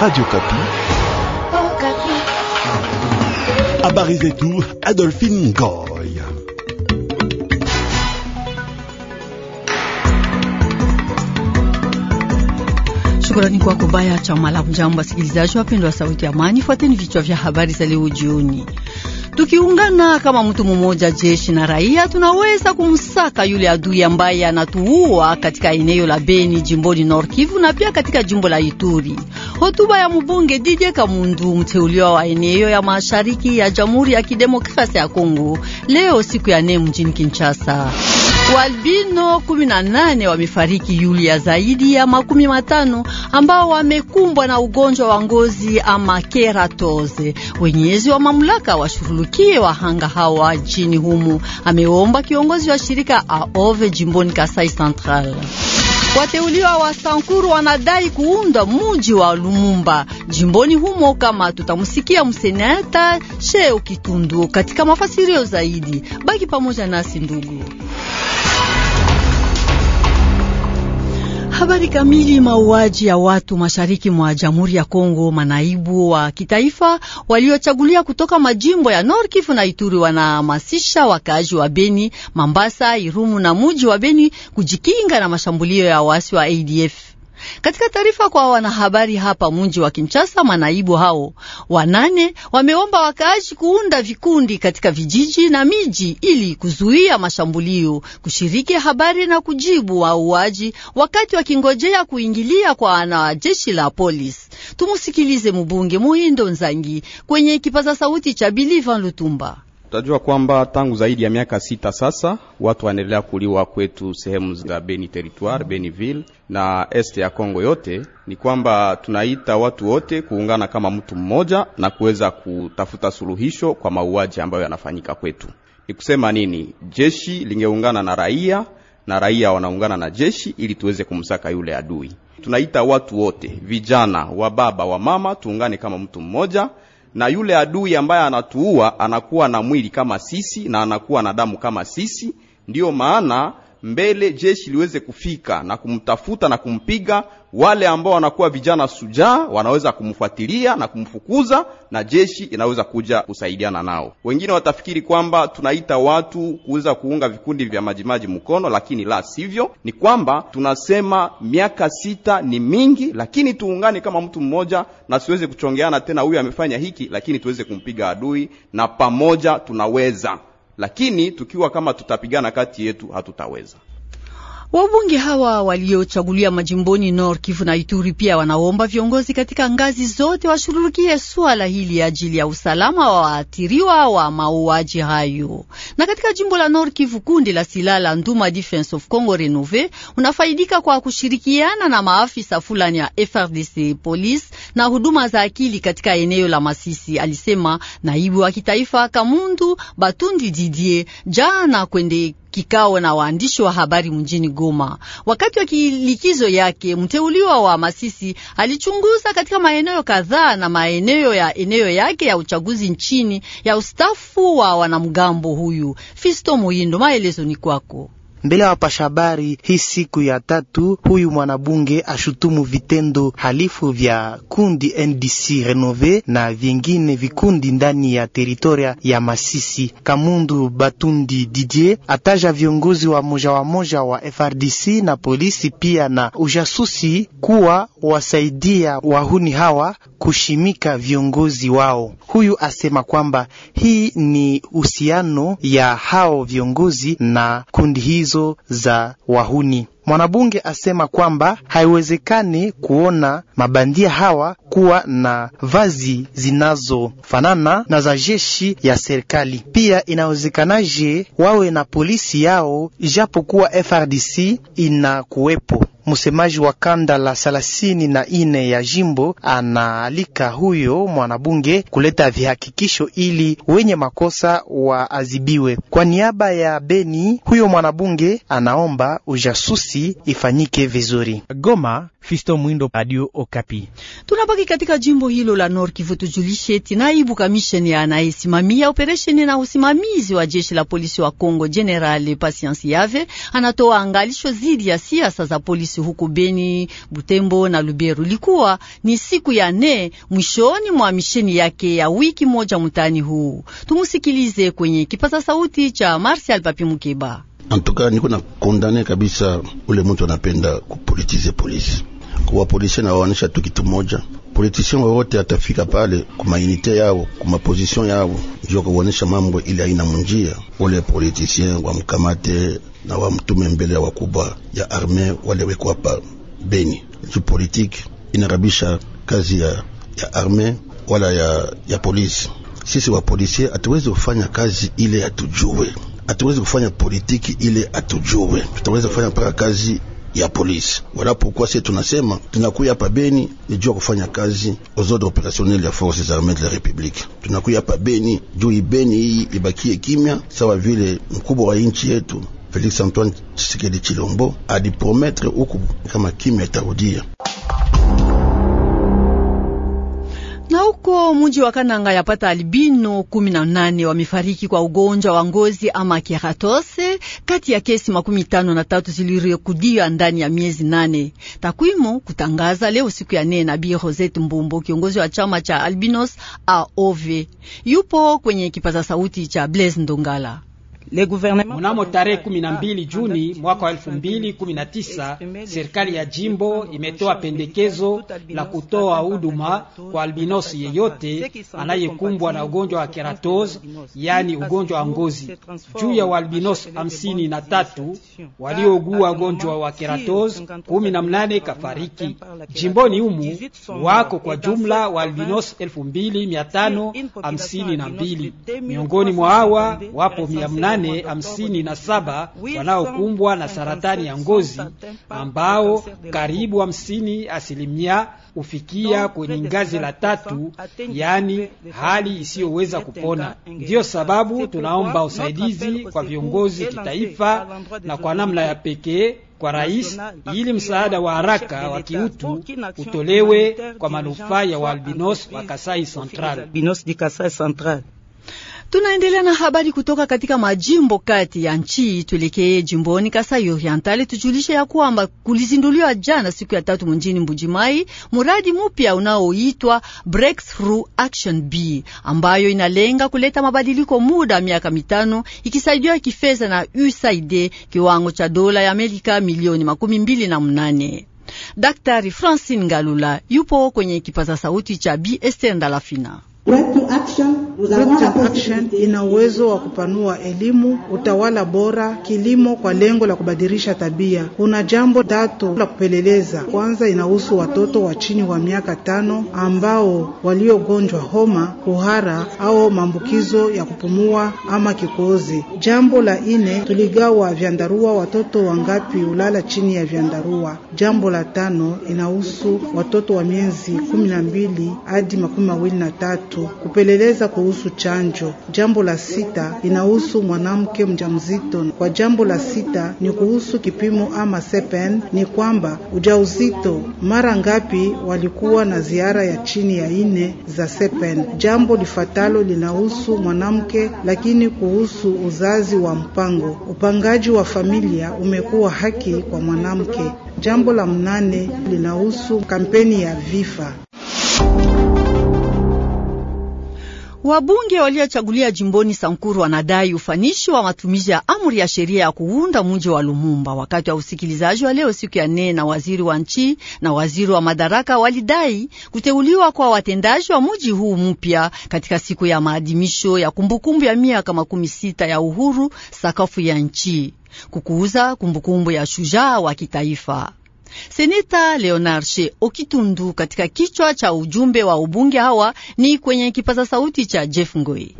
Radio Kapi. Habari zetu Adolphine Ngoy. Shukrani kwa kubaya cha mala. Mjambo wasikilizaji wapendwa wa Sauti ya Amani, fuateni vichwa vya habari za leo jioni. Tukiungana kama mtu mmoja, jeshi na raia, tunaweza kumsaka yule adui ambaye anatuua katika eneo la Beni jimboni Nord Kivu na pia katika jimbo la Ituri. Hotuba ya mbunge Didie Kamundu, mteuliwa wa eneo ya mashariki ya Jamhuri ya Kidemokrasia ya Kongo, leo siku ya nne mjini Kinshasa. Walbino kumi na nane wamefariki yuli ya zaidi ya makumi matano ambao wamekumbwa na ugonjwa wa ngozi ama keratoze. Wenyezi wa mamlaka washughulikie wahanga hawa nchini humu, ameomba kiongozi wa shirika AOVE jimboni Kasai Central. Wateuliwa wa Sankuru wanadai kuunda muji wa Lumumba jimboni humo, kama tutamusikia mseneta Sheo Kitundu katika mafasirio zaidi. Baki pamoja nasi ndugu. Habari kamili. Mauaji ya watu mashariki mwa Jamhuri ya Kongo, manaibu wa kitaifa waliochagulia kutoka majimbo ya Nord Kivu na Ituri wanahamasisha wakaaji wa Beni, Mambasa, Irumu na muji wa Beni kujikinga na mashambulio ya waasi wa ADF. Katika taarifa kwa wanahabari hapa mji wa Kinshasa, manaibu hao wanane wameomba wakaaji kuunda vikundi katika vijiji na miji ili kuzuia mashambulio, kushiriki habari na kujibu wauaji, wakati wakingojea kuingilia kwa wanajeshi la polisi. Tumusikilize mbunge Muhindo Nzangi kwenye kipaza sauti cha Bilivan Lutumba. Tutajua kwamba tangu zaidi ya miaka sita sasa watu wanaendelea kuliwa kwetu sehemu za Beni Territoire, Beniville na este ya Kongo yote. Ni kwamba tunaita watu wote kuungana kama mtu mmoja na kuweza kutafuta suluhisho kwa mauaji ambayo yanafanyika kwetu. Ni kusema nini? Jeshi lingeungana na raia na raia wanaungana na jeshi ili tuweze kumsaka yule adui. Tunaita watu wote, vijana wa baba wa mama, tuungane kama mtu mmoja na yule adui ambaye anatuua anakuwa na mwili kama sisi na anakuwa na damu kama sisi. Ndiyo maana mbele jeshi liweze kufika na kumtafuta na kumpiga. Wale ambao wanakuwa vijana sujaa wanaweza kumfuatilia na kumfukuza, na jeshi inaweza kuja kusaidiana nao. Wengine watafikiri kwamba tunaita watu kuweza kuunga vikundi vya majimaji mkono, lakini la sivyo, ni kwamba tunasema miaka sita ni mingi, lakini tuungane kama mtu mmoja na siweze kuchongeana tena, huyu amefanya hiki, lakini tuweze kumpiga adui, na pamoja tunaweza lakini tukiwa kama tutapigana kati yetu hatutaweza. Wabunge hawa waliochagulia majimboni Nord Kivu na Ituri pia wanaomba viongozi katika ngazi zote washughulikie suala hili ajili ya usalama wa waathiriwa wa mauaji hayo. Na katika jimbo la Nord Kivu, kundi la silaha la Nduma Defense of Congo Renove unafaidika kwa kushirikiana na maafisa fulani ya FRDC, police na huduma za akili katika eneo la Masisi, alisema naibu wa kitaifa Kamundu Batundi Didie jana kwende kikao na waandishi wa habari mjini Goma. Wakati wa kilikizo yake, mteuliwa wa Masisi alichunguza katika maeneo kadhaa na maeneo ya eneo yake ya uchaguzi nchini ya ustafu wa wanamgambo huyu. Fisto Muindo, maelezo ni kwako. Mbele ya wapasha habari hii siku ya tatu, huyu mwanabunge ashutumu vitendo halifu vya kundi NDC Renove na vingine vikundi ndani ya teritoria ya Masisi. Kamundu Batundi Didier ataja viongozi wa moja wa moja wa FRDC na polisi pia na ujasusi kuwa wasaidia wahuni hawa kushimika viongozi wao. Huyu asema kwamba hii ni uhusiano ya hao viongozi na kundi hizo hizo za wahuni. Mwanabunge asema kwamba haiwezekani kuona mabandia hawa kuwa na vazi zinazofanana na za jeshi ya serikali. Pia inawezekanaje wawe na polisi yao ijapokuwa FRDC inakuwepo? msemaji wa kanda la salasini na ine ya jimbo anaalika huyo mwanabunge kuleta vihakikisho ili wenye makosa waadhibiwe. Kwa niaba ya Beni, huyo mwanabunge anaomba ujasusi ifanyike vizuri. Goma, Fisto Mwindo, Radio Okapi. Tunabaki katika jimbo hilo la Nord Kivu, tujulishe eti naibu kamisheni anayesimamia operesheni na usimamizi wa jeshi la polisi wa Kongo, General Patience Yave, anatoa angalisho dhidi ya siasa za polisi huku Beni, Butembo na Luberu. Likuwa ni siku ya nne mwishoni mwa misheni yake ya wiki moja mtaani huu. Tumusikilize kwenye kipaza sauti cha Martial Papi Mukeba. Antuka niko na kondane kabisa ule mtu anapenda kupolitize polisi, kuwapolisie na waonesha tu kitu moja. Politisien wowote atafika pale kumainite yao kumapozision yao ndio kuonesha mambo ile aina munjia, ule politisien wamkamate na wamtume mbele ya wakubwa ya arme walewekwa hapa Beni. Juu politiki inarabisha kazi ya, ya arme wala ya, ya polisi. Sisi wa polisi hatuwezi kufanya kazi ile hatujue hatuwezi kufanya politiki ile atujue, tutaweza kufanya mpaka kazi ya polisi. walapo pourquoi sisi tunasema tunakuya hapa Beni ni juu ya kufanya kazi aux operationnel ya forces armées de la République. Tunakuya hapa Beni juu ibeni hii ibakie kimya, sawa vile mkubwa wa nchi yetu Felix Antoine Tshisekedi Chilombo alipromettre huku kama kimya itarudia. huko mji wa Kananga yapata albino kumi na nane wamefariki kwa ugonjwa wa ngozi ama keratose, kati ya kesi makumi tano na tatu zilirekodiwa ndani ya miezi nane. Takwimu kutangaza leo siku ya nne na Bi Rosette Mbumbo, kiongozi wa chama cha albinos AOV, yupo kwenye kipaza sauti cha Blaise Ndongala. Mnamo tarehe 12 Juni mwaka wa 2019 serikali ya jimbo imetoa pendekezo la kutoa huduma kwa albinosi yeyote anayekumbwa na ugonjwa wa keratos yaani ugonjwa wa ngozi. Juu ya waalbinosi 53 na tatu waliougua ugonjwa wa keratos 18 kafariki. Jimboni humu wako kwa jumla wa elfu mbili na mbili. Miongoni mwa hawa wapo mia mnane nane hamsini na saba wanaokumbwa na saratani ya ngozi ambao karibu hamsini asilimia hufikia kwenye ngazi la tatu, yaani hali isiyoweza kupona. Ndiyo sababu tunaomba usaidizi kwa viongozi kitaifa na kwa namna ya pekee kwa rais ili msaada wa haraka wa kiutu utolewe kwa manufaa ya waalbinos wa Kasai Central. Tunaendelea na habari kutoka katika majimbo kati ya nchi. Tuelekee jimboni Kasai oriental tujulishe ya kwamba kulizinduliwa jana siku ya tatu mjini Mbujimai muradi mupya unaoitwa Breakthrough Action B ambayo inalenga kuleta mabadiliko muda ya miaka mitano, ikisaidiwa kifedha na USAID kiwango cha dola ya Amerika milioni makumi mbili na mnane. Daktari Francine Ngalula yupo kwenye kipaza sauti cha b Esther Ndalafina. Action ina uwezo wa kupanua elimu, utawala bora, kilimo kwa lengo la kubadilisha tabia. Kuna jambo tatu la kupeleleza. Kwanza inahusu watoto wa chini wa miaka tano ambao waliogonjwa homa, kuhara au maambukizo ya kupumua ama kikozi Jambo la ine tuligawa vyandarua, watoto wangapi ulala chini ya vyandarua. Jambo la tano inahusu watoto wa miezi kumi na mbili hadi makumi mawili na tatu tatu, kupeleleza kuhusu chanjo. Jambo la sita inahusu mwanamke mjamzito. Kwa jambo la sita ni kuhusu kipimo ama sepen, ni kwamba ujauzito mara ngapi walikuwa na ziara ya chini ya ine za sepen. Jambo lifatalo linahusu mwanamke, lakini kuhusu uzazi wa mpango, upangaji wa familia umekuwa haki kwa mwanamke. Jambo la mnane linahusu kampeni ya vifa. Wabunge waliochagulia jimboni Sankuru wanadai ufanishi wa matumizi ya amri ya sheria ya kuunda mji wa Lumumba. Wakati wa usikilizaji wa leo siku ya nne, na waziri wa nchi na waziri wa madaraka walidai kuteuliwa kwa watendaji wa mji huu mpya katika siku ya maadhimisho ya kumbukumbu ya miaka makumi sita ya uhuru sakafu ya nchi, kukuuza kumbukumbu ya shujaa wa kitaifa. Seneta She Okitundu katika kichwa cha ujumbe wa ubunge hawa ni kwenye kipaza sauti cha Jeff Ngoi.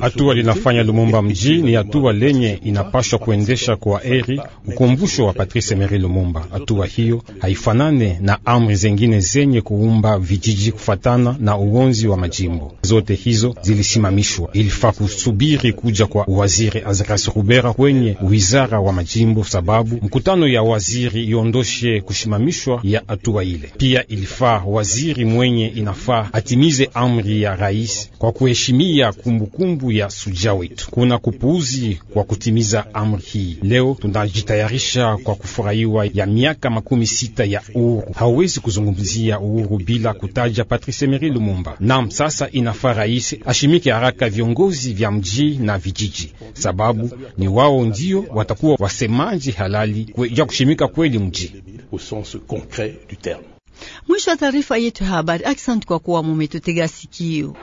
Hatua linafanya Lumumba mji ni hatua lenye inapashwa kuendesha kwa eri ukumbusho wa Patrice Emery Lumumba. Hatua hiyo haifanane na amri zengine zenye kuumba vijiji kufatana na uonzi wa majimbo. Zote hizo zilisimamishwa, ilifaa kusubiri kuja kwa waziri Azras Rubera kwenye wizara wa majimbo sababu Mkutano ya waziri iondoshe kushimamishwa ya hatua ile. Pia ilifaa waziri mwenye inafaa atimize amri ya rais kwa kuheshimia kumbukumbu ya suja wetu. Kuna kupuuzi kwa kutimiza amri hii. Leo tunajitayarisha kwa kufurahiwa ya miaka makumi sita ya uhuru. Hauwezi kuzungumzia uhuru bila kutaja Patrice Emery Lumumba. Nam, sasa inafaa rais ashimike haraka viongozi vya mji na vijiji, sababu ni wao ndio watakuwa wasemaji halali kweli ya kushimika kweli mji. Mwisho wa taarifa yetu habari. Aksanti kwa kuwa mumetutega sikio.